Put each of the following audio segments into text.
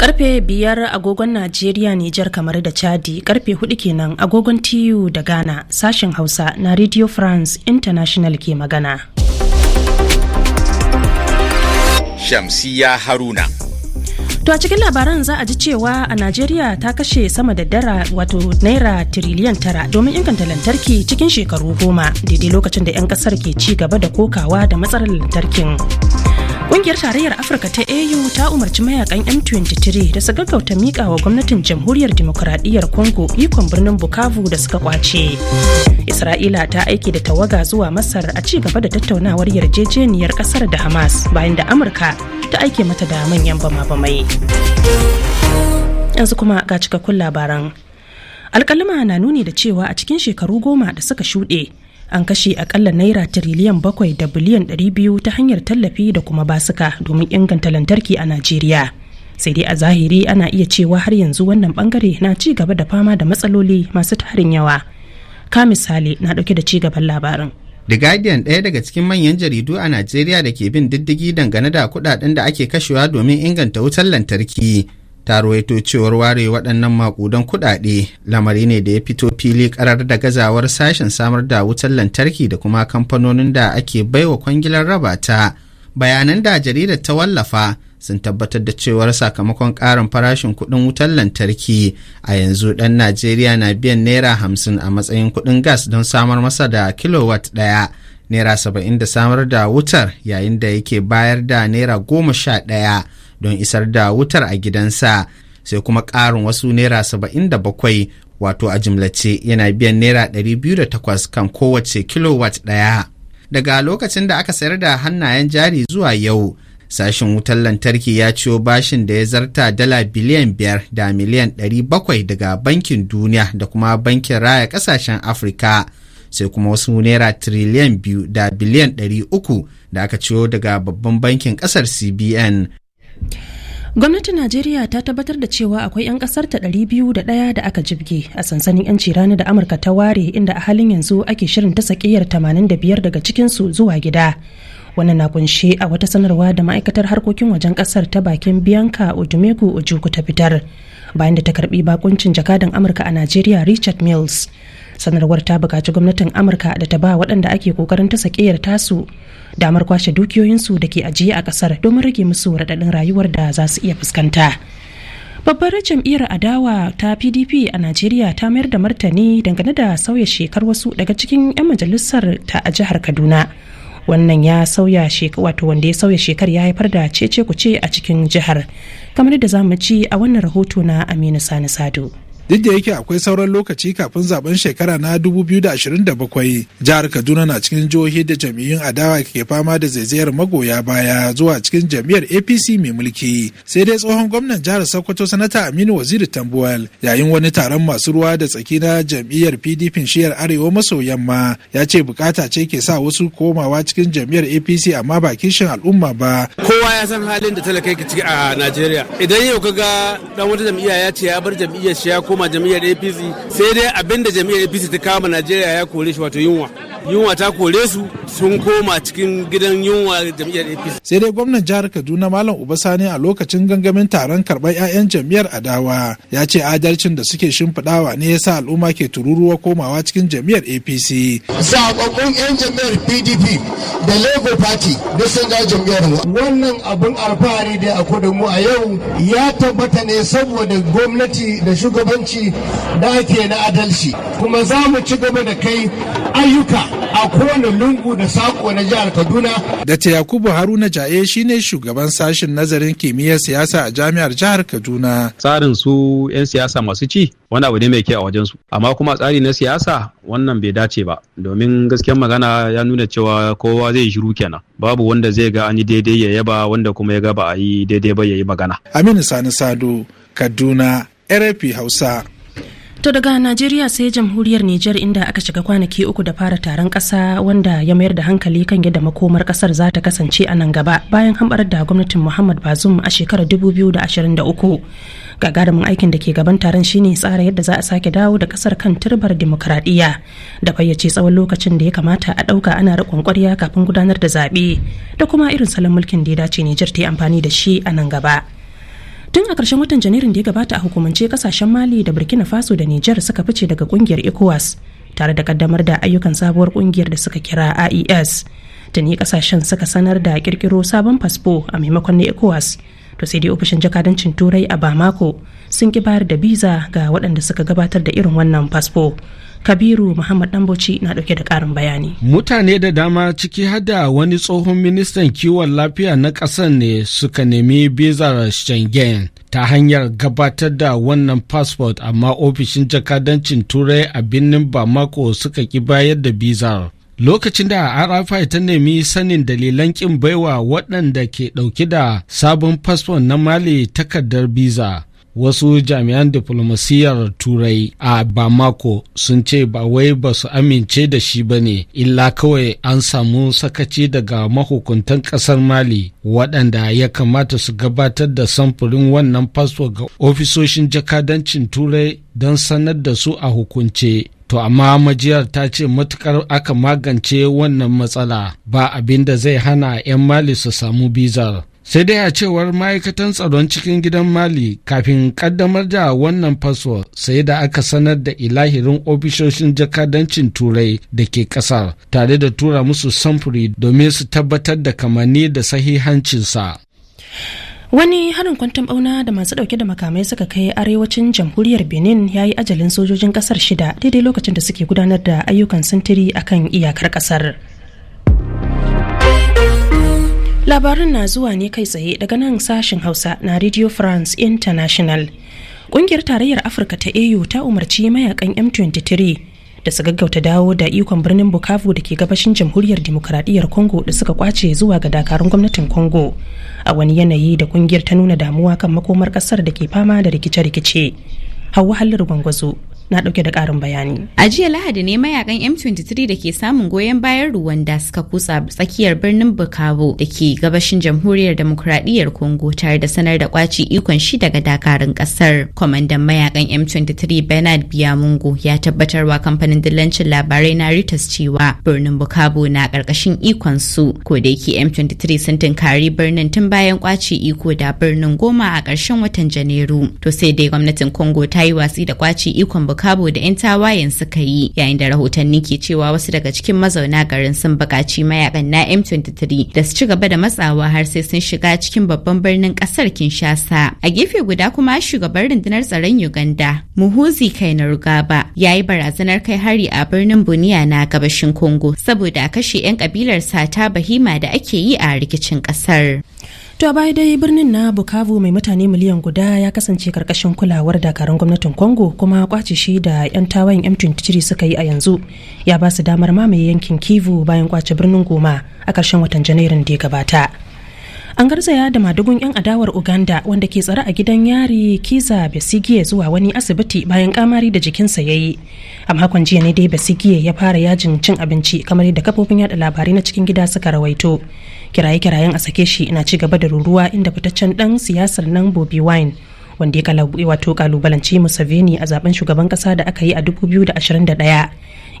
karfe biyar agogon najeriya nijar kamar da chadi karfe hudu kenan agogon tiyu da ghana sashen hausa na radio france international ke magana shamsiya haruna To a cikin labaran za a ji cewa a Najeriya ta kashe sama da dara wato naira tiriliyan tara domin inganta lantarki cikin shekaru goma daidai lokacin da 'yan kasar ke ci gaba da kokawa da matsalar lantarkin. Kungiyar Tarayyar Afirka ta AU ta umarci mayakan M23 da su gaggauta mika wa gwamnatin Jamhuriyar Dimokuraɗiyyar Congo ikon birnin Bukavu da suka kwace. Isra'ila ta aiki da tawaga zuwa Masar a ci gaba da tattaunawar yarjejeniyar ƙasar da Hamas bayan da Amurka ta aike mata da manyan bama-bamai. Yanzu kuma ga cikakkun labaran. Alƙalima na nuni da cewa a cikin shekaru goma da suka shuɗe an kashe akalla naira tiriliyan bakwai da biliyan ɗari biyu ta hanyar tallafi da kuma basuka domin inganta lantarki a najeriya sai dai a zahiri ana iya cewa har yanzu wannan bangare na ci gaba da fama da matsaloli masu tarin yawa ka misali na ɗauke da ci gaban labarin The Guardian ɗaya daga cikin manyan jaridu a Najeriya da ke bin diddigi dangane da kuɗaɗen da ake kashewa domin inganta wutar lantarki ta ruwaito cewar ware waɗannan makudan kuɗaɗe lamari ne da ya fito fili karar da gazawar sashen samar da wutar lantarki da kuma kamfanonin da ake baiwa kwangilar raba ta bayanan da jaridar ta wallafa sun tabbatar da cewar sakamakon ƙarin farashin kuɗin wutar lantarki a yanzu ɗan najeriya na biyan naira hamsin a matsayin kuɗin gas don samar masa da kilowatt ɗaya naira saba'in da samar da wutar yayin da yake bayar da naira goma sha ɗaya don isar da wutar a gidansa sai kuma ƙarin wasu naira saba'in da bakwai wato a jimlace yana biyan naira ɗari biyu da takwas kan kowace kilowatt ɗaya. Daga lokacin da aka sayar da hannayen jari zuwa yau, sashen wutar lantarki ya ciyo bashin da ya zarta dala biliyan biyar da miliyan ɗari bakwai daga bankin duniya da kuma bankin raya ƙasashen afirka sai kuma wasu naira tiriliyan biyu da biliyan ɗari uku da aka ciyo daga babban bankin ƙasar cbn Gwamnatin Najeriya ta tabbatar da cewa akwai 'yan kasar ta 201 da aka jibge a sansanin 'yanci rani da Amurka ta ware inda a halin yanzu ake shirin ta sakiyar 85 daga cikinsu zuwa gida. Wannan na kunshe a wata sanarwa da ma'aikatar harkokin wajen kasar ta bakin Bianca Odumegu ojuku ta fitar bayan da ta karbi bakuncin jakadan Amurka a Najeriya Richard Mills. sanarwar ta bukaci gwamnatin amurka da ta ba waɗanda ake kokarin ta sakiyar tasu damar kwashe dukiyoyinsu da ke ajiye a ƙasar domin rage musu raɗaɗin rayuwar da za su iya fuskanta babbar jam'iyyar adawa ta pdp a najeriya ta mayar da martani dangane da sauya shekar wasu daga cikin 'yan majalisar ta a jihar kaduna wannan ya sauya wato wanda ya sauya shekar ya haifar da cece kuce a cikin jihar kamar da zamu ci a wannan rahoto na aminu sani sado duk da yake akwai sauran lokaci kafin zaben shekara na 2027 jihar kaduna na cikin jihohi da jam'iyyun adawa ke fama da zaizayar magoya baya zuwa cikin jam'iyyar apc mai mulki sai dai tsohon gwamnan jihar sokoto sanata aminu waziri tambuwal yayin wani taron masu ruwa da tsaki na jam'iyyar pdp shiyar arewa maso yamma ya ce bukata ce ke sa wasu komawa cikin jam'iyyar apc amma ba kishin al'umma ba kowa ya san halin da talakai ke ciki a najeriya idan yau kaga dan wata jam'iyya ya ce ya bar jam'iyyar shi ya koma koma jam'iyyar apc sai dai abin da jam'iyyar apc ta kama najeriya ya kore shi wato yunwa yunwa ta kore su sun koma cikin gidan yunwa jam'iyyar apc sai dai gwamnan jihar kaduna malam Sani a lokacin gangamin taron karɓar 'ya'yan jam'iyyar adawa ya ce adalcin da suke shimfiɗawa ne yasa al'umma ke tururuwa komawa cikin jam'iyyar apc zaɓaɓɓun 'yan jam'iyyar pdp da labour party da sun ga jam'iyyar wannan abin alfahari da a kudu mu a yau ya tabbata ne saboda gwamnati da shugabanci da ake na adalci kuma za mu ci gaba da kai ayyuka a kowane lungu da sako na jihar Kaduna. ta Yakubu Haruna Ja'e shine shugaban sashen nazarin kimiyyar siyasa a jami'ar jihar Kaduna. Tsarin su 'yan siyasa masu ci wani abu ne mai kyau a wajen su amma kuma tsari na siyasa wannan bai dace ba domin gaskiyar magana ya nuna cewa kowa zai shiru kenan babu wanda zai ga an yi daidai ya yaba wanda kuma ya ga ba a yi daidai ba ya yi magana. Aminu Sani Sado Kaduna RFI Hausa. To daga Najeriya sai jamhuriyar Nijar inda aka shiga kwanaki uku da fara taron ƙasa wanda ya mayar da hankali kan yadda makomar ƙasar za ta kasance a nan gaba bayan hambar da gwamnatin Muhammad bazum a shekarar 2023. Gagarumin aikin da ke gaban taron shine tsara yadda za a sake dawo da ƙasar kan turbar dimokuraɗiyya da fayyace tsawon lokacin da ya kamata a ɗauka ana riƙon kwarya kafin gudanar da zaɓe da kuma irin salon mulkin da ya dace Nijar ta yi amfani da shi a nan gaba. tun a ƙarshen watan janairun da ya gabata a hukumance kasashen mali da burkina faso da niger suka fice daga kungiyar ecowas tare da kaddamar da ayyukan sabuwar kungiyar da suka kira ies tuni kasashen suka sanar da ƙirƙiro sabon fasfo a maimakon na ecowas to sai dai ofishin jakadancin turai a bamako sun ki bayar da biza ga waɗanda suka gabatar da irin wannan fasfo kabiru muhammad damboci na ɗauke da ƙarin bayani mutane da dama ciki hada wani tsohon ministan kiwon lafiya na ƙasar ne suka nemi bizar schengen ta hanyar gabatar da wannan fasfot amma ofishin jakadancin turai a birnin bamako suka ki bayar da bizar lokacin da arafai ta nemi sanin dalilan kin baiwa waɗanda ke ɗauki da sabon fasfon na mali takardar biza wasu jami'an diflomasiyyar turai a bamako sun ce ba wai ba su amince da shi ba ne illa kawai an samu sakaci daga mahukuntan ƙasar mali waɗanda ya kamata su gabatar da samfurin wannan fasfo ga ofisoshin jakadancin turai don sanar da su a hukunce to amma majiyar ta ce matukar aka magance wannan matsala ba abin da zai hana 'yan mali su samu bizar sai dai a cewar ma'aikatan tsaron cikin gidan mali kafin kaddamar da wannan fasfo sai da aka sanar da ilahirin ofishoshin jakadancin turai da ke kasar tare da tura musu samfuri domin su tabbatar da kamanni da sahihancinsa wani harin kwantan bauna da masu dauke da makamai suka kai arewacin jamhuriyar benin ya yi ajalin sojojin kasar shida daidai lokacin da suke gudanar da ayyukan sintiri akan iyakar kasar labarin na zuwa ne kai tsaye daga nan sashen hausa na radio france international kungiyar tarayyar afirka ta au ta umarci mayakan m23 da su gaggauta dawo da ikon birnin bukavu da ke gabashin jamhuriyar demokradiyyar congo da suka kwace zuwa ga dakarun gwamnatin congo a wani yanayi da kungiyar ta nuna damuwa kan makomar kasar da ke fama da rikice-rikice hawa halar gwangwazo na dauke da karin bayani. A jiya Lahadi ne mayakan M23 da ke samun goyon bayan da suka kutsa tsakiyar birnin Bukavu da ke gabashin Jamhuriyar Demokradiyyar Congo tare da sanar da kwaci ikon shi daga dakarun kasar. Kwamandan mayakan M23 Bernard Biamungu ya tabbatarwa kamfanin dillancin labarai na Reuters cewa birnin Bukavu na karkashin ikon su ko da yake M23 sun tunkari birnin tun bayan kwaci iko da birnin Goma a ƙarshen watan Janairu. To sai dai gwamnatin Congo ta yi watsi da kwaci ikon Bukabo da 'yan tawayen suka yi yayin da rahotanni ke cewa wasu daga cikin mazauna garin sun bukaci mayakan na M23 da su ci gaba da matsawa har sai sun shiga cikin babban birnin ƙasar Kinshasa. A gefe guda kuma shugaban rundunar tsaron Uganda Muhuzi Kainerugaba ya yi barazanar kai hari a birnin Buniya na gabashin Congo saboda kashe 'yan kabilar sata bahima da ake yi a rikicin ƙasar. To a baya dai birnin na Bukavu mai mutane miliyan guda ya kasance karkashin kulawar dakarun gwamnatin Congo kuma kwace shi da 'yan tawayin M23 suka yi a yanzu ya ba su damar mamaye yankin Kivu bayan kwace birnin Goma a karshen watan Janairun da ya gabata. An garzaya da madugun 'yan adawar Uganda wanda ke tsare a gidan yari Kiza Besigye zuwa wani asibiti bayan kamari da jikinsa ya yi. A makon jiya ne dai Besigye ya fara yajin cin abinci kamar yadda kafofin yada labarai na cikin gida suka rawaito. kiraye-kirayen a sake shi na ci gaba da ruruwa inda fitaccen dan siyasar nan bobi wine wanda ya wato kalubalanci museveni a zaben shugaban kasa da aka yi a 2021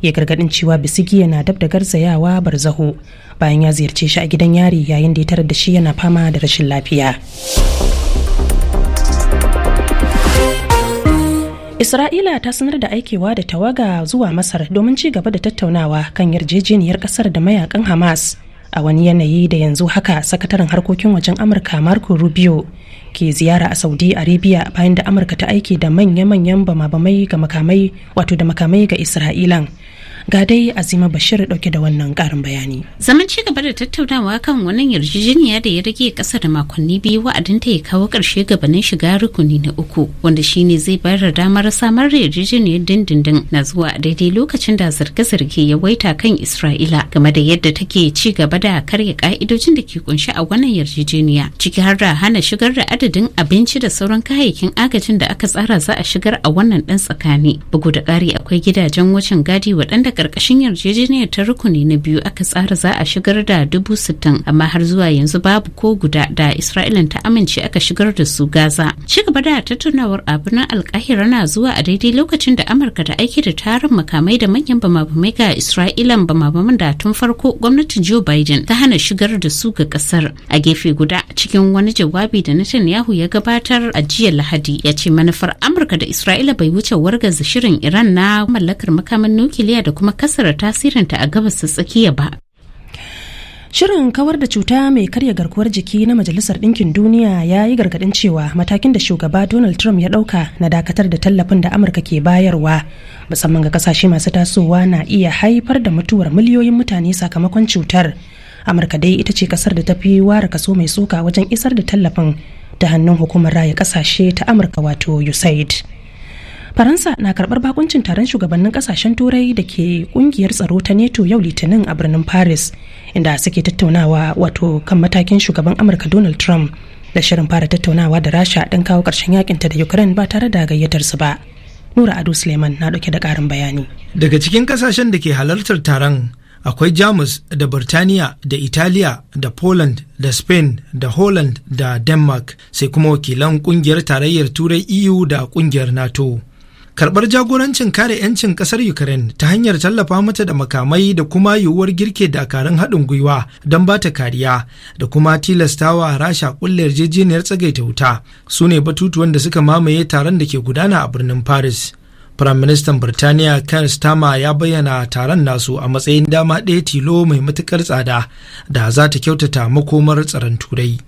ya gargadin cewa bisigi yana dab da garzayawa barzaho bayan ya ziyarce shi a gidan yari yayin da ya tarar da shi yana fama da rashin lafiya Isra'ila ta sanar da aikewa da tawaga zuwa Masar domin ci gaba da tattaunawa kan yarjejeniyar kasar da mayakan Hamas. a wani yanayi da yanzu haka sakataren harkokin wajen amurka marco rubio ke ziyara a saudi arabia bayan da amurka ta aiki da manya-manyan bama-bamai ga makamai wato da makamai ga isra'ilan Ga dai Azima Bashir dauke da wannan karin bayani. Zaman ci gaba da tattaunawa kan wannan yarjejeniya da ya rage kasa da makonni biyu wa'adin ta ya kawo karshe gabanin shiga rukuni na uku wanda shine zai bayar da damar samar da yarjejeniyar dindindin na zuwa daidai lokacin da zirge-zirge ya waita kan Isra'ila game da yadda take ci gaba da karya ka'idojin da ke kunshi a wannan yarjejeniya ciki har da hana shigar da adadin abinci da sauran kayayyakin agajin da aka tsara za a shigar a wannan dan tsakani bugu da kari akwai gidajen wucin gadi waɗanda karkashin yarjejeniyar ta rukuni na biyu aka tsara za a shigar da dubu sittin amma har zuwa yanzu babu ko guda da isra'ilan ta amince aka shigar da su gaza ci gaba da tattaunawar abu na alkahira na zuwa a daidai lokacin da amurka da aiki da tarin makamai da manyan bamabamai ga isra'ilan bamabaman da tun farko gwamnatin joe biden ta hana shigar da su ga kasar a gefe guda cikin wani jawabi da netanyahu ya gabatar a jiya lahadi ya ce manufar amurka da isra'ila bai wuce wargaza shirin iran na mallakar makaman nukiliya da kuma kasara tasirinta a gabas ta tsakiya ba. Shirin kawar da cuta mai karya garkuwar jiki na Majalisar Ɗinkin Duniya ya yi gargaɗin cewa matakin da shugaba Donald Trump ya ɗauka na dakatar da tallafin da Amurka ke bayarwa musamman ga kasashe masu tasowa na iya haifar da mutuwar miliyoyin mutane sakamakon cutar. Amurka dai ita ce kasar da ta fi ware kaso mai tsoka wajen isar da tallafin ta hannun hukumar raya kasashe ta Amurka wato USAID. faransa na karbar bakuncin taron shugabannin kasashen turai da ke kungiyar tsaro ta neto yau litinin a birnin paris inda suke tattaunawa wato kan matakin shugaban amurka donald trump da shirin fara tattaunawa da rasha don kawo karshen yakin ta da ukraine ba tare da gayyatar su ba nura ado suleiman na dauke da karin bayani daga cikin kasashen da ke halartar taron akwai jamus da birtaniya da italiya da poland da spain da holland da denmark sai kuma wakilan kungiyar tarayyar turai eu da kungiyar nato karɓar jagorancin kare 'yancin ƙasar ukraine ta hanyar tallafa mata da makamai da kuma yiwuwar girke dakarun haɗin gwiwa don ba ta kariya da kuma tilastawa rasha ƙulla yarjejeniyar tsagaita wuta su ne batutuwan da suka mamaye taron da ke gudana a birnin paris Firaministan Birtaniya kan stama ya bayyana taron nasu a matsayin dama ɗaya tilo mai matuƙar tsada da za ta kyautata makomar tsaron Turai.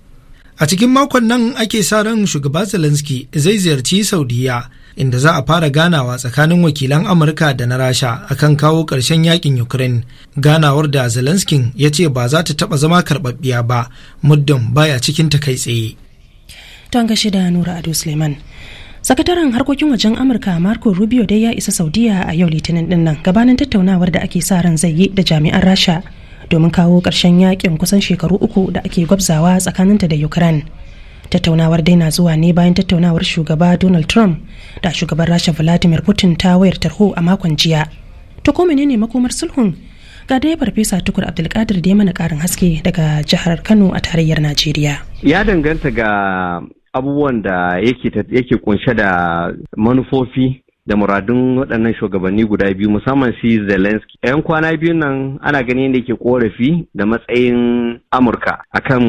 A cikin makon nan ake sa ran shugaba Zelensky zai ziyarci Saudiya inda za a fara ganawa tsakanin wakilan amurka da na rasha akan kawo ƙarshen yakin ukraine ganawar da zelenskin ya ce ba za ta taɓa zama karɓaɓɓiya ba muddin baya cikin ta kai tsaye don nura ado suleiman sakataren harkokin wajen amurka marco rubio dai ya isa saudiya a yau litinin nan gabanin tattaunawar da ake sa ran zai yi da jami'an rasha domin kawo ƙarshen yakin kusan shekaru uku da ake gwabzawa tsakaninta da ukraine tattaunawar dai na zuwa ne bayan tattaunawar shugaba donald trump da shugaban rasha vladimir putin ta wayar tarho a makon jiya ta ko menene makomar sulhun ga dai farfesa tukur abdulkadir da ya mana karin haske daga jihar kano a tarayyar najeriya ya danganta ga abubuwan da yake kunshe da manufofi da muradun waɗannan shugabanni guda biyu musamman si Zelensky. 'Yan kwana biyun nan ana ganin da ke korafi da matsayin Amurka akan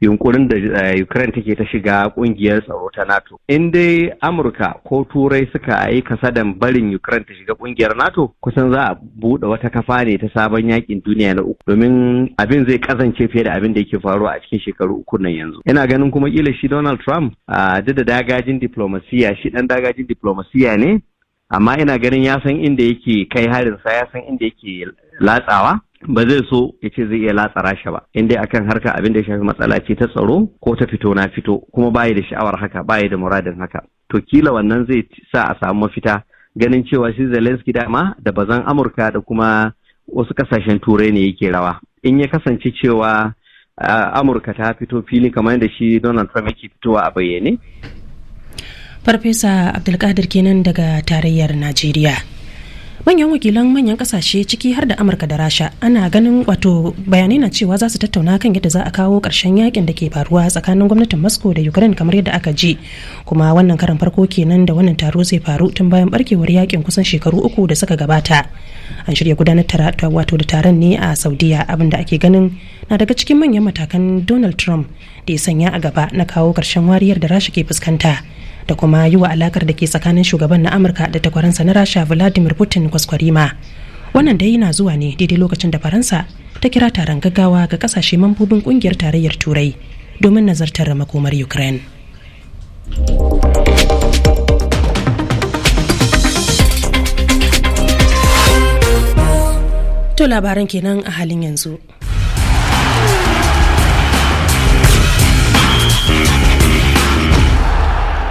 yunkurin da eh, Ukraine take ta shiga kungiyar tsaro ta NATO. In dai Amurka ko Turai suka yi kasadan barin Ukraine ta shiga kungiyar NATO, kusan za a buɗe wata kafa ne ta sabon yakin duniya na uku domin abin zai kasance fiye da abin da yake faruwa a cikin shekaru uku nan yanzu. Ina ganin kuma kila shi Donald Trump a da dagajin diplomasiya shi dan dagajin diplomasiya ne amma ina ganin ya san inda yake kai harinsa ya san inda yake latsawa ba zai so ya ce zai iya latsa Rasha ba in dai akan harka abin da ya shafi matsala ce ta tsaro ko ta fito na fito kuma bayi da sha'awar haka bayi da muradin haka to kila wannan zai sa a samu mafita ganin cewa shi zelenski dama da bazan Amurka da kuma wasu kasashen turai ne yake rawa in ya kasance cewa Amurka ta fito fili kamar yadda shi Donald Trump yake fitowa a bayyane Farfesa Abdulkadir kenan daga tarayyar Najeriya. manyan wakilan manyan kasashe ciki har da amurka da rasha ana ganin wato bayanai na cewa za su tattauna kan yadda za a kawo karshen yakin da ke faruwa tsakanin gwamnatin moscow da ukraine kamar yadda aka ji kuma wannan karan farko kenan da wannan taro zai faru tun bayan barkewar yakin kusan shekaru uku da suka gabata an shirya gudanar tara wato da taron ne a saudiya da ake ganin na daga cikin manyan matakan donald trump da ya sanya a gaba na kawo karshen wariyar da rasha ke fuskanta da kuma yi wa alakar da ke tsakanin shugaban na amurka da takwaransa na rasha vladimir putin kwaskwarima wannan dai yana zuwa ne daidai lokacin da faransa ta kira taron gaggawa ga kasashe mambobin kungiyar tarayyar turai domin nazartar makomar ukraine to labaran kenan a halin yanzu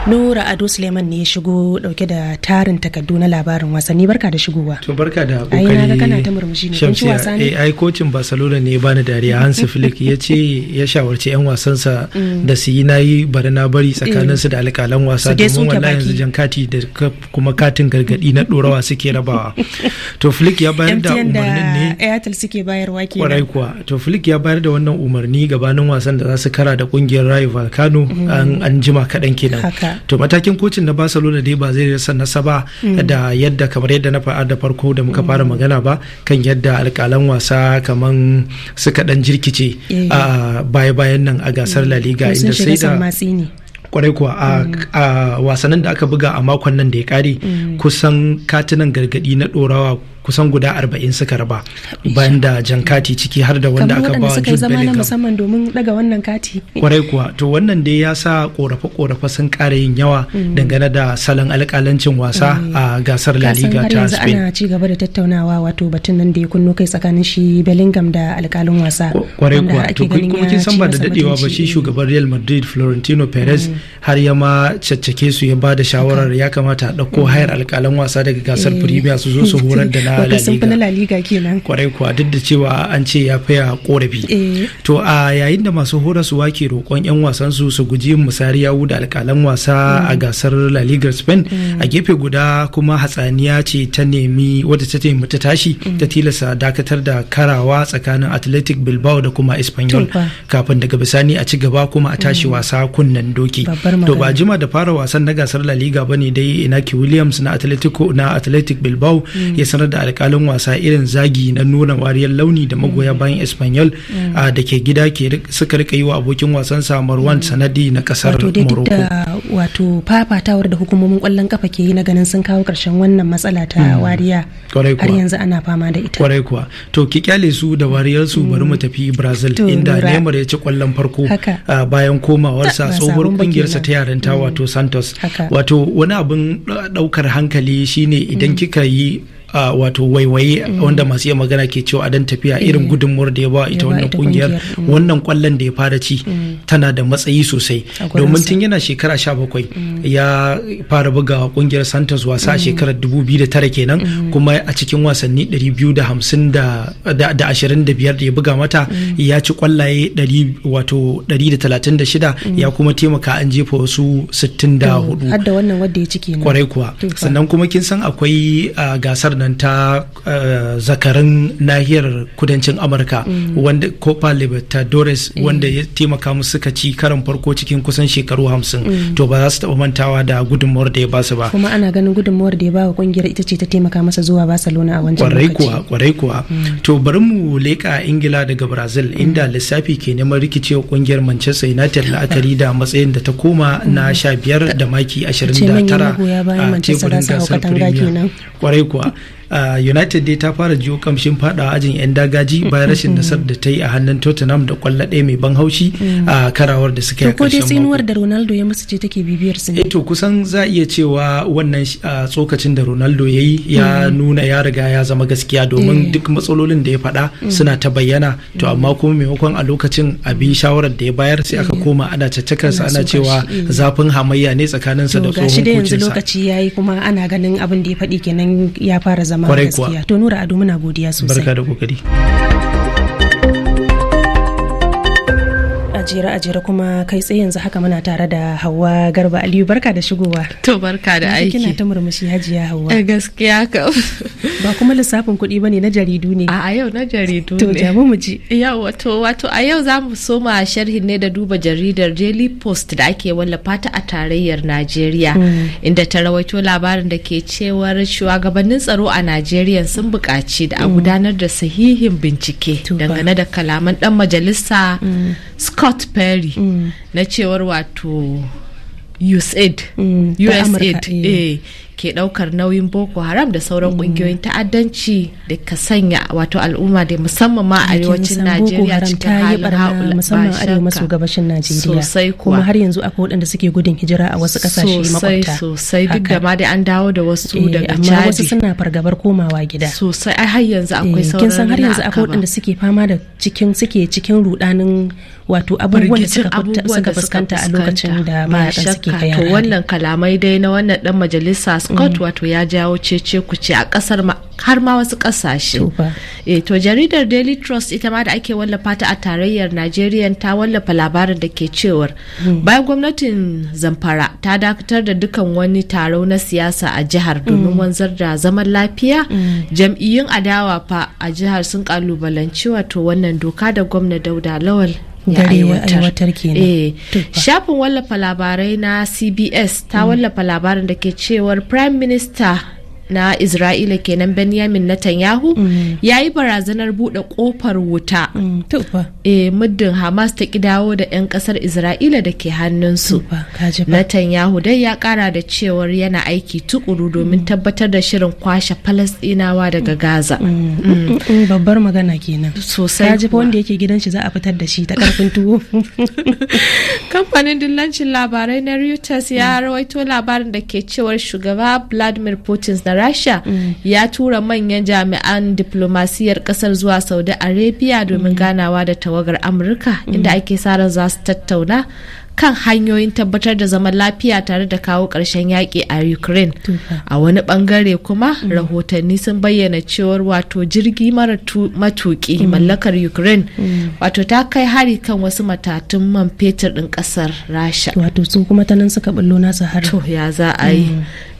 Nura Ado Suleiman ne ya shigo dauke da tarin takardu na labarin wasanni barka da shigowa. To barka da kokari. Ai naga kana ta murmushi ne ci wasa ne. Eh, ai kocin Barcelona ne bani dariya Hansi Flick ya ce ya shawarci yan wasansa mm. da su yi nayi bari na bari tsakanin su mm. da alƙalan wasa domin wannan yanzu jan kati da kuma katin gargadi na dorawa suke rabawa. To Flick ya bayar da umarnin ne. Airtel suke bayarwa kenan. Kwarai kuwa. To Flick ya bayar da wannan umarni gabanin wasan da za su kara da kungiyar Rayo Vallecano mm. an jima kaɗan kenan. to matakin kocin na barcelona dai ba zai rasa nasaba mm. da yadda kamar yadda na fa'a da farko da muka fara mm. magana ba kan yadda alkalan wasa kaman suka ɗan jirkice eh. a baya-bayan nan a gasar mm. la liga inda sai da kwarai kuwa a wasannin da aka buga a makon nan da ya kare kusan katinan gargadi na dorawa. kusan guda arba'in suka raba bayan da jan kati ciki har da wanda aka ba suka zama na musamman domin daga wannan kati kwarai kuwa to wannan dai ya sa korafe korafe sun kara yin yawa mm. dangane da salon alkalancin wasa mm. a gasar la liga ta spain ana ci gaba da tattaunawa wato batun nan da ya kunno kai tsakanin shi bellingham da alkalin wasa kwarai kuwa to kuma kin san ba da dadewa ba shi shugaban real madrid florentino perez mm. har ya ma caccake su ya ba da shawarar ya kamata a dauko hayar alkalan wasa daga gasar eh. premier su zo su horar da na wato sun na la liga kenan kwarai kuwa duk da cewa an ce ya faya korafi eh. to a yayin da masu horaswa ke roƙon yan wasan su su guji misali musari yawu alƙalan wasa a mm. gasar la liga spain mm. a gefe guda kuma hatsaniya ce ta nemi wata ta nemi ta tashi mm. ta tilasta dakatar da karawa tsakanin athletic bilbao da kuma espanyol kafin daga bisani a ci gaba kuma a tashi wasa kunnen doki to ba jima da fara wasan na gasar la liga ne dai inaki williams na atletico na athletic bilbao ya sanar da alkalin wasa irin zagi na nuna wariyar launi da magoya mm. bayan espanyol mm. da ke gida suka rika yi wa abokin wasan samarwan mm. sanadi na kasar morocco wato fafatawar da hukumomin kwallon kafa ke yi na ganin sun kawo karshen wannan matsala ta wariya har yanzu ana fama da ita kwarai kuwa to ki kyale su da wariyar su bari mu tafi brazil inda neymar ya ci kwallon farko bayan komawarsa tsohuwar sa ta yarinta wato santos wato wani abin daukar hankali shine idan kika yi wato waiwaye mm. wanda masu iya magana ke cewa adan tafiya irin mm. gudunmuwar da ya ba ita wannan kungiyar mm. wannan kwallon da ya fara ci tana da matsayi sosai domin tun yana shekara sha bakwai ya fara buga kungiyar santos wasa a shekarar tara kenan kuma a cikin wasanni biyu da hamsin da ashirin da biyar da ya buga mata ya ci kwallaye wato shida ya kuma taimaka an jefa wasu sittin da hudu. Kwarai kuwa. Sannan kuma kin san akwai gasar na nan ta eh, zakarin nahiyar kudancin amurka mm. wanda copa libertadores mm. wanda ya taimaka musu suka ci karan farko cikin kusan shekaru hamsin mm. to ba za su taba mantawa da gudunmuwar da ya ba su ba kuma ana ganin gudunmuwar da ya ba wa kungiyar ita ce ta taimaka masa zuwa barcelona a wancan lokaci kwarai kuwa to bari mu leka ingila daga brazil inda lissafi ke neman rikicewa kungiyar manchester united la'akari da matsayin da ta koma na sha biyar da maki ashirin da tara a teburin gasar premier kwarai kuwa united dai ta fara jiyo kamshin fada ajin 'yan dagaji bayan rashin nasar da ta yi a hannun tottenham da kwallo ɗaya mai ban haushi mm. a karawar da suka yi a sai tsinuwar da ronaldo ya musu ce take bibiyar su ne eh to kusan za a iya cewa wannan tsokacin da ronaldo ya yi ya mm. nuna ya riga ya zama gaskiya domin eh. duk matsalolin da ya faɗa mm. suna ta bayyana to amma kuma maimakon a lokacin abin shawarar da ya bayar sai aka eh. koma ana caccakar sa ana cewa zafin hamayya ne tsakaninsa da tsohon to Gashi da yanzu lokaci ya yi kuma ana ganin abin da ya faɗi kenan ya fara zama gaskiya to nura ado muna godiya sosai barka da kokari jere a kuma kai tsaye yanzu haka muna tare da Hauwa Garba Aliyu barka da shigowa. To barka da aiki. Kina ta murmushi Hajiya Hauwa. Eh gaskiya ka. Ba kuma lissafin kuɗi bane na jaridu ne. A yau na jaridu ne. To jamu mu ji. Yau wato wato a yau za mu soma sharhin ne da duba jaridar Daily Post da ake wallafa ta a tarayyar Najeriya hmm. inda ta rawaito labarin da ke cewar shugabannin tsaro a Najeriya sun buƙaci da a hmm. gudanar da sahihin bincike dangane da kalaman dan majalisa Mm. scott perry mm. na cewar wato usaid mm, usaid ke daukar nauyin boko haram da sauran kungiyoyin ta'addanci da ka sanya wato al'umma da musamman ma arewacin najeriya cikin halin haula musamman arewa maso gabashin najeriya sosai kuma har yanzu akwai waɗanda suke gudun hijira a wasu ƙasashe makwabta sosai duk da ma dai an dawo da wasu eh, daga amma wasu suna fargabar komawa gida sosai ai har yanzu akwai eh, sauran kin san har yanzu akwai waɗanda suke fama da cikin suke cikin rudanin wato abubuwan da suka fuskanta a lokacin da ma suke kai wannan kalamai dai na wannan dan majalisa scott mm. wato ya jawo cece kuce a kasar har ma wasu kasashe e, eh, to jaridar daily trust ita ma da ake wallafa ta a tarayyar nigerian ta wallafa labarin da ke cewar mm. bayan gwamnatin zamfara ta dakatar da dukan wani taro na siyasa a jihar mm. domin wanzar da zaman lafiya jam'iyyun adawa fa a jihar sun kalubalanci wato wannan doka da gwamna dauda lawal dare aiwatar kenan eh shafin wallafa labarai na CBS ta wallafa labarin da ke cewar prime minister na isra'ila kenan benjamin netanyahu mm. ya yi barazanar buɗe ƙofar wuta e, muddin hamas ta kidawo da 'yan ƙasar isra'ila da ke hannunsu netanyahu dai ya ƙara da cewar yana aiki tukuru domin mm. tabbatar da shirin kwashe falastinawa daga mm. gaza mm. babbar magana kenan sosai wanda yake gidan shi za a fitar da shi ta karfin tuwo kamfanin dillancin labarai na reuters ya rawaito labarin da ke cewar shugaba vladimir putin rasha mm. ya tura manyan jami'an diplomasiyar kasar zuwa saudi arabia domin mm. ganawa da tawagar amurka inda mm. ake sa ran za su tattauna kan hanyoyin tabbatar da zaman lafiya tare da kawo ƙarshen yaƙi a ukraine a wani bangare kuma mm. rahotanni sun bayyana cewar wato jirgi mara matuƙi mm. mallakar ukraine mm. wato ta kai hari kan wasu matatun man fetur ɗin ƙasar rasha wato sun kuma ta nan suka bullo nasa har to ya za a yi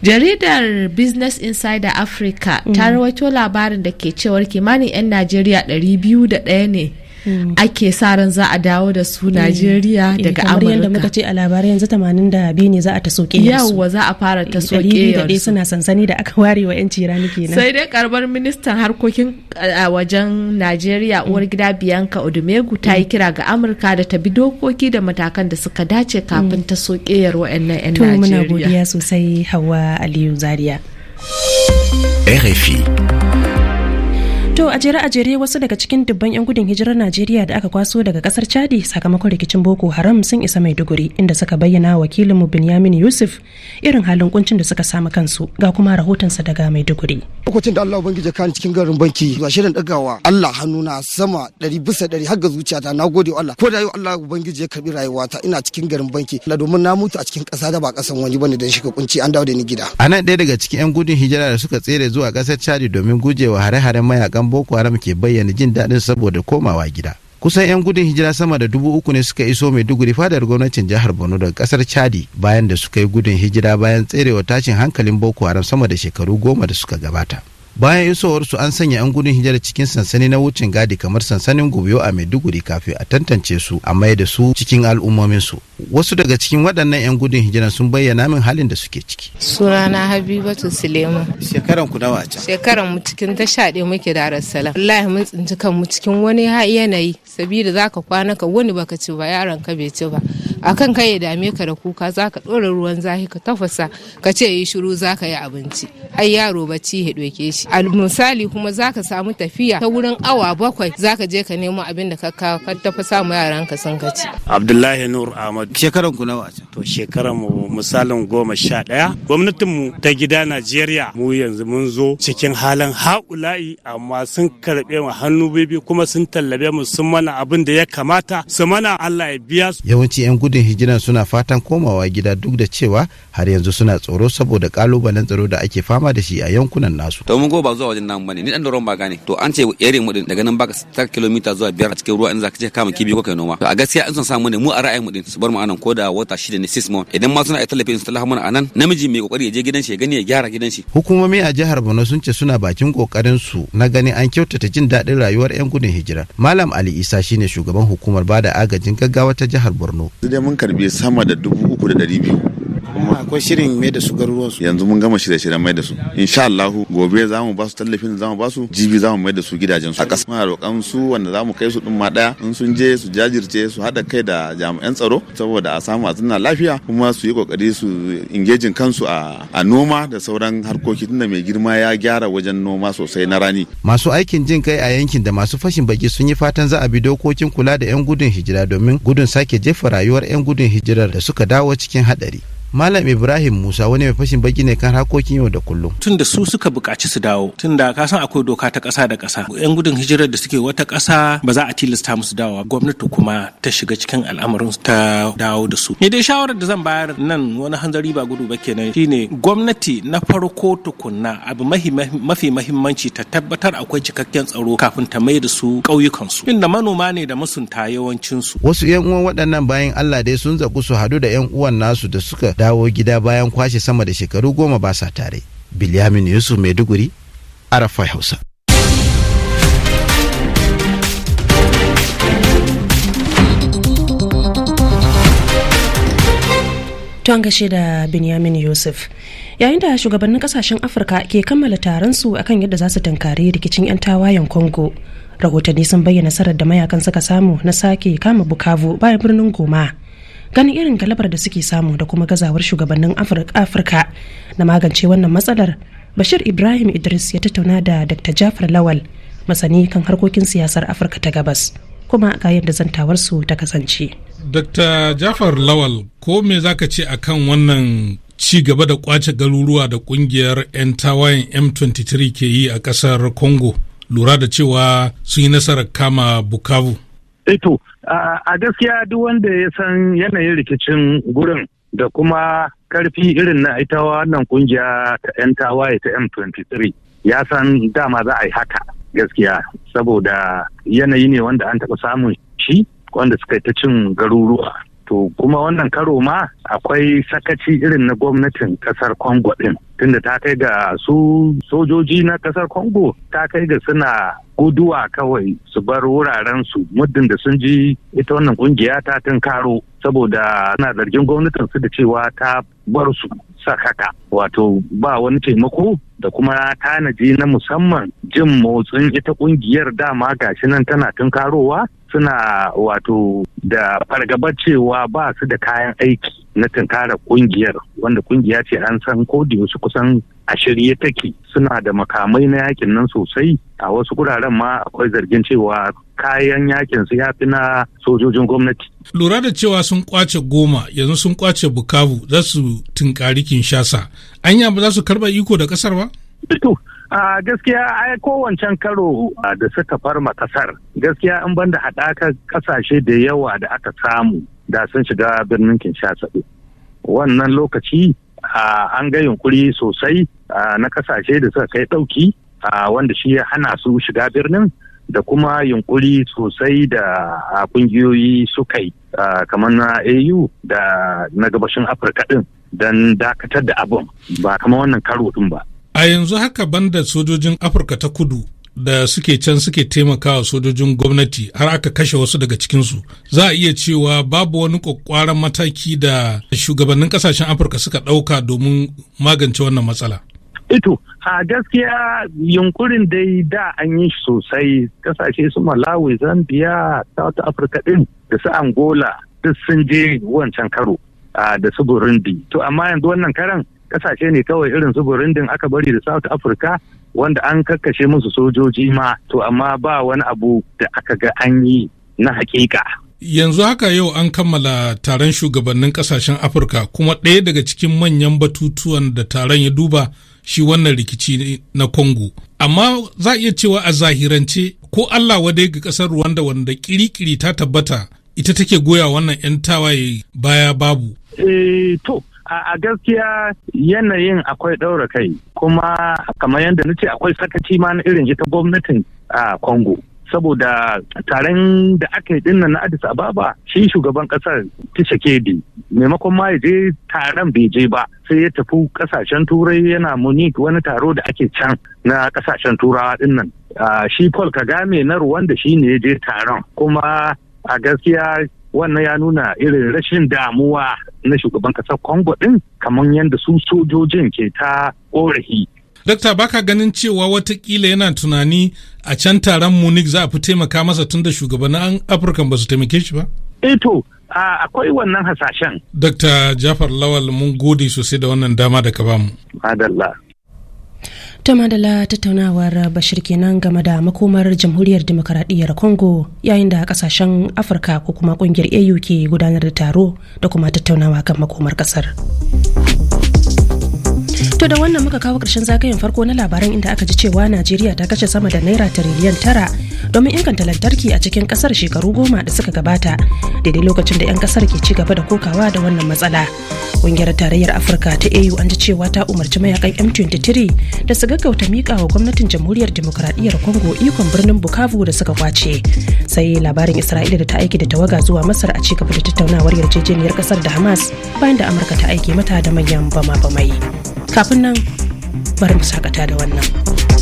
jaridar business insider africa ta rawaito labarin da ke cewar kimanin 'yan najeriya 201 ne Mm. ake sa ran za a dawo da su eh, Najeriya eh, daga Amurka. Kamar yadda muka ce a labarai yanzu 82 ne za a ta soke su. Yawwa za a fara ta eh, soke su. suna sansani da aka ware wa cira rani kenan. Sai dai karbar ministan harkokin a wajen Najeriya mm. uwar gida Bianca Odumegu ta yi mm. kira ga Amurka da ta bi dokoki da matakan da suka dace kafin ta sokeyar wa'annan 'yan Najeriya. To muna godiya sosai hawa Aliyu Zaria. RFI To a jere a jere wasu daga cikin dubban 'yan gudun hijirar Najeriya da aka kwaso daga kasar Chadi sakamakon rikicin Boko Haram sun isa mai duguri inda suka bayyana wakilin mu Binyamin Yusuf irin halin kuncin da suka samu kansu ga kuma rahotonsa daga Maiduguri. Lokacin da Allah ubangiji kan cikin garin banki zuwa shirin dagawa Allah hannuna sama ɗari bisa ɗari har ga zuciyata na gode wa Allah ko da yau Allah ubangiji ya karbi rayuwata ina cikin garin banki la domin na mutu a cikin ƙasa da ba ƙasan wani bane dan shiga kunci an dawo da ni gida. Anan ɗaya daga cikin 'yan gudun hijira da suka tsere zuwa ƙasar Chadi domin gujewa hare-haren mayakan mayakan boko haram ke bayyana jin daɗin saboda komawa gida kusan 'yan gudun hijira sama da dubu uku ne suka iso mai maiduguri fadar gwamnatin jihar borno daga ƙasar chadi bayan da suka yi gudun hijira bayan tserewa tashin hankalin boko haram sama da shekaru goma da suka gabata bayan isowarsu an sanya 'yan gudun hijira cikin sansani na wucin gadi kamar sansanin gobiyo a maiduguri kafin a tantance su a mai da su cikin su, wasu daga cikin waɗannan 'yan gudun hijira sun bayyana min halin da suke ciki sunana habibatu suleiman shekaran ku nawa can shekaran mu cikin tasha muke da rassala wallahi mun tsinci mu cikin wani yanayi sabida zaka kwana ka wani baka ci ba yaron ka bai ci ba A kan kai ya dame ka da kuka za ka ɗora ruwan zahi ka tafasa ka ce yi shiru za ka yi abinci ai yaro bacci ya ɗauke shi a misali kuma za ka samu tafiya ta wurin awa bakwai za ka je ka nemo abin da ka kawo ka tafasa ma yaranka sun ka ci. Abdullahi Nur Ahmad. Shekaran ku nawa To shekaran mu misalin goma sha ɗaya. Gwamnatin mu ta gida Najeriya mu yanzu mun zo cikin halin haulai amma sun karɓe mu hannu bibi kuma sun tallabe mu sun mana abin da ya kamata su mana Allah ya biya su. Yawanci 'yan gudu gudun hijiran suna fatan komawa gida duk da cewa har yanzu suna tsoro saboda kalubalen tsaro da ake fama da shi a yankunan nasu. To mun ba zuwa wajen namu bane ni dan doron ba gane to an ce yare mu din daga nan baka 6 km zuwa biyar a cikin ruwa in zaka je kama kibi ko kai noma. To a gaskiya an son samu ne mu a ra'ayin mu din su bar mu anan ko da wata shida ne 6 month idan ma suna ai tallafi su tallafa mana anan namiji mai kokari ya je gidan shi ya gani ya gyara gidan shi. Hukumomi a jihar Borno sun ce suna bakin kokarin su na gani an kyautata jin daɗin rayuwar 'yan gudun hijira. Malam Ali Isa shine shugaban hukumar bada agajin gaggawa ta jihar Borno. dai mun karbi sama da dubu uku da ɗari biyu kuma akwai shirin mai da su garuruwan su yanzu mun gama shirye shiryen mai da su insha Allah gobe za mu ba su tallafin za mu ba su jibi za mu mai da su gidajen su a ƙasa muna roƙan su wanda za mu kai su din ma daya in sun je su jajirce su haɗa kai da jami'an tsaro saboda a samu a zanna lafiya kuma su yi kokari su ingejin kansu a noma da sauran harkoki tunda mai girma ya gyara wajen noma sosai na rani masu aikin jin kai a yankin da masu fashin baki sun yi fatan za a bi dokokin kula da 'yan gudun hijira domin gudun sake jefa rayuwar 'yan gudun hijirar da suka dawo cikin hadari Malam Ibrahim Musa wani mai fashin baki ne kan harkokin yau da kullum. Tun da su suka buƙaci su dawo, tun da ka san akwai doka ta ƙasa da ƙasa. 'Yan gudun hijirar da suke wata ƙasa ba za a tilasta musu dawowa. Gwamnati kuma ta shiga cikin al'amarin ta dawo da su. Ni dai shawarar da zan bayar nan wani hanzari ba gudu ba kenan shine gwamnati na farko tukunna abu mafi mahimmanci ta tabbatar akwai cikakken tsaro kafin ta mai da su su Inda manoma ne da masunta yawancinsu. Wasu 'yan uwan waɗannan bayan Allah dai sun zaku su haɗu da 'yan uwan nasu da suka dawo gida bayan kwashe sama da shekaru goma ba sa tare bilyamin yusuf maiduguri arafa hausa Tun gashe da Benjamin Yusuf. Yayin da shugabannin kasashen Afirka ke kammala taron su akan yadda za su tankari rikicin 'yan tawayen Congo. Rahotanni sun bayyana nasarar da mayakan suka samu na sake kama Bukavu bayan birnin Goma. ganin irin galabar da suke samu da kuma gazawar shugabannin afirka na magance wannan matsalar bashir ibrahim idris ya tattauna da dr jafar lawal masani kan harkokin siyasar afirka ta gabas kuma ga yadda zantawarsu ta kasance dr jafar lawal ko me zaka ce akan wannan ci gaba da kwace garuruwa da kungiyar 'yan tawayen m23 ke yi a kasar congo lura da cewa sun yi nasarar kama bukavu eto eh a gaskiya duk wanda ya san yanayin rikicin gurin da kuma karfi irin na ita wannan kungiya ta 'yan tawaye ta m23 ya san dama za a yi haka gaskiya saboda yanayi ne wanda an taɓa samun shi wanda suka yi ta cin garuruwa to kuma wannan karo ma akwai sakaci irin na gwamnatin ƙasar congo tunda ta kai ga su sojoji na kasar congo ta kai ga suna guduwa kawai su bar wuraren su muddin da sun ji ita wannan kungiya ta tunkaro saboda na zargin gwamnatin su da cewa ta bar su sakaka wato ba wani taimako da kuma tanaji na musamman jin motsin ita kungiyar dama gashi nan tana tunkarowa suna wato da fargabar cewa ba su da kayan aiki na tunkara kungiyar wanda kungiya ce an san ko da wasu kusan a shirye take suna da makamai na yakin nan sosai a wasu guraren ma akwai zargin cewa kayan yakin su ya fi na sojojin gwamnati. Lura da cewa sun kwace goma yanzu sun kwace bukavu za su tunkari kinshasa an ba za su karba iko da kasar ba? a gaskiya ai kowancen karo da suka farma kasar gaskiya in banda haɗaka kasashe da yawa da aka samu da sun shiga birnin kinshasa wannan lokaci an ga yunkuri sosai na kasashe da suka kai ɗauki wanda shi ya hana su shiga birnin da kuma yunkuri sosai da kungiyoyi suka yi kamar na au da na gabashin afirka ɗin don dakatar da abin ba kamar wannan karo ɗin ba a yanzu haka banda sojojin afirka ta kudu da suke can suke taimakawa sojojin gwamnati har aka kashe wasu daga cikinsu za a iya cewa babu wani kwakwaran mataki da shugabannin kasashen afirka suka ɗauka domin magance wannan matsala ito a gaskiya yunkurin dai da an yi sosai kasashe su malawi zambia south africa din da su angola duk sun je wancan karo da su burundi to amma yanzu wannan karan kasashe ne kawai irin su burundin aka bari da south africa wanda an kakkashe musu sojoji ma to amma ba wani abu da aka ga an yi na hakika. Yanzu haka yau an kammala taron shugabannin kasashen Afirka kuma ɗaya daga cikin manyan batutuwan da taron ya duba shi wannan rikici na Congo. Amma za a iya cewa a zahirance ko Allah wadai ga ƙasar Rwanda wanda kirikiri ta tabbata ita take goya wannan 'yan tawaye baya babu. Eh to, a gaskiya yanayin akwai ɗaura kai kuma kamar yadda na ce akwai sakaci ma na irin ita gwamnatin a congo saboda taron da aka yi dinnan na addis ababa shi shugaban kasar tshisekedi maimakon ma ya je taron bai je ba sai ya tafi ƙasashen turai yana munich wani taro da ake can na ƙasashen turawa dinnan shi paul kagame na wanda shi ne ya je taron kuma a gaskiya wannan ya nuna irin rashin damuwa na shugaban kasar Congo din kamar yadda su sojojin ke ta korafi. Dokta baka ganin cewa watakila yana tunani a can taron Munich za a fi taimaka masa tun da shugabannin Afirka ba su taimake shi ba? Eto, eh akwai wannan hasashen. Dokta Jafar Lawal mun gode sosai da wannan dama da ka bamu. Madalla. ta madala tattaunawar bashir kenan game da makomar jamhuriyar demokaradiyyar congo yayin da kasashen afirka ko kuma kungiyar au ke gudanar da taro da kuma tattaunawa kan makomar kasar To da wannan muka kawo ƙarshen zagayen farko na labaran inda aka ji cewa Najeriya ta kashe sama da naira tiriliyan tara domin inganta lantarki a cikin kasar shekaru goma da suka gabata daidai lokacin da 'yan kasar ke ci gaba da kokawa da wannan matsala ƙungiyar tarayyar afirka ta au an ji cewa ta umarci mayakan m23 da su gaggauta miƙa wa gwamnatin jamhuriyar demokradiyyar congo ikon birnin bukavu da suka kwace sai labarin isra'ila da ta aiki da tawaga zuwa masar a ci gaba da tattaunawar yarjejeniyar kasar da hamas bayan da amurka ta aiki mata da manyan bama-bamai kafin nan bari mu sakata da wannan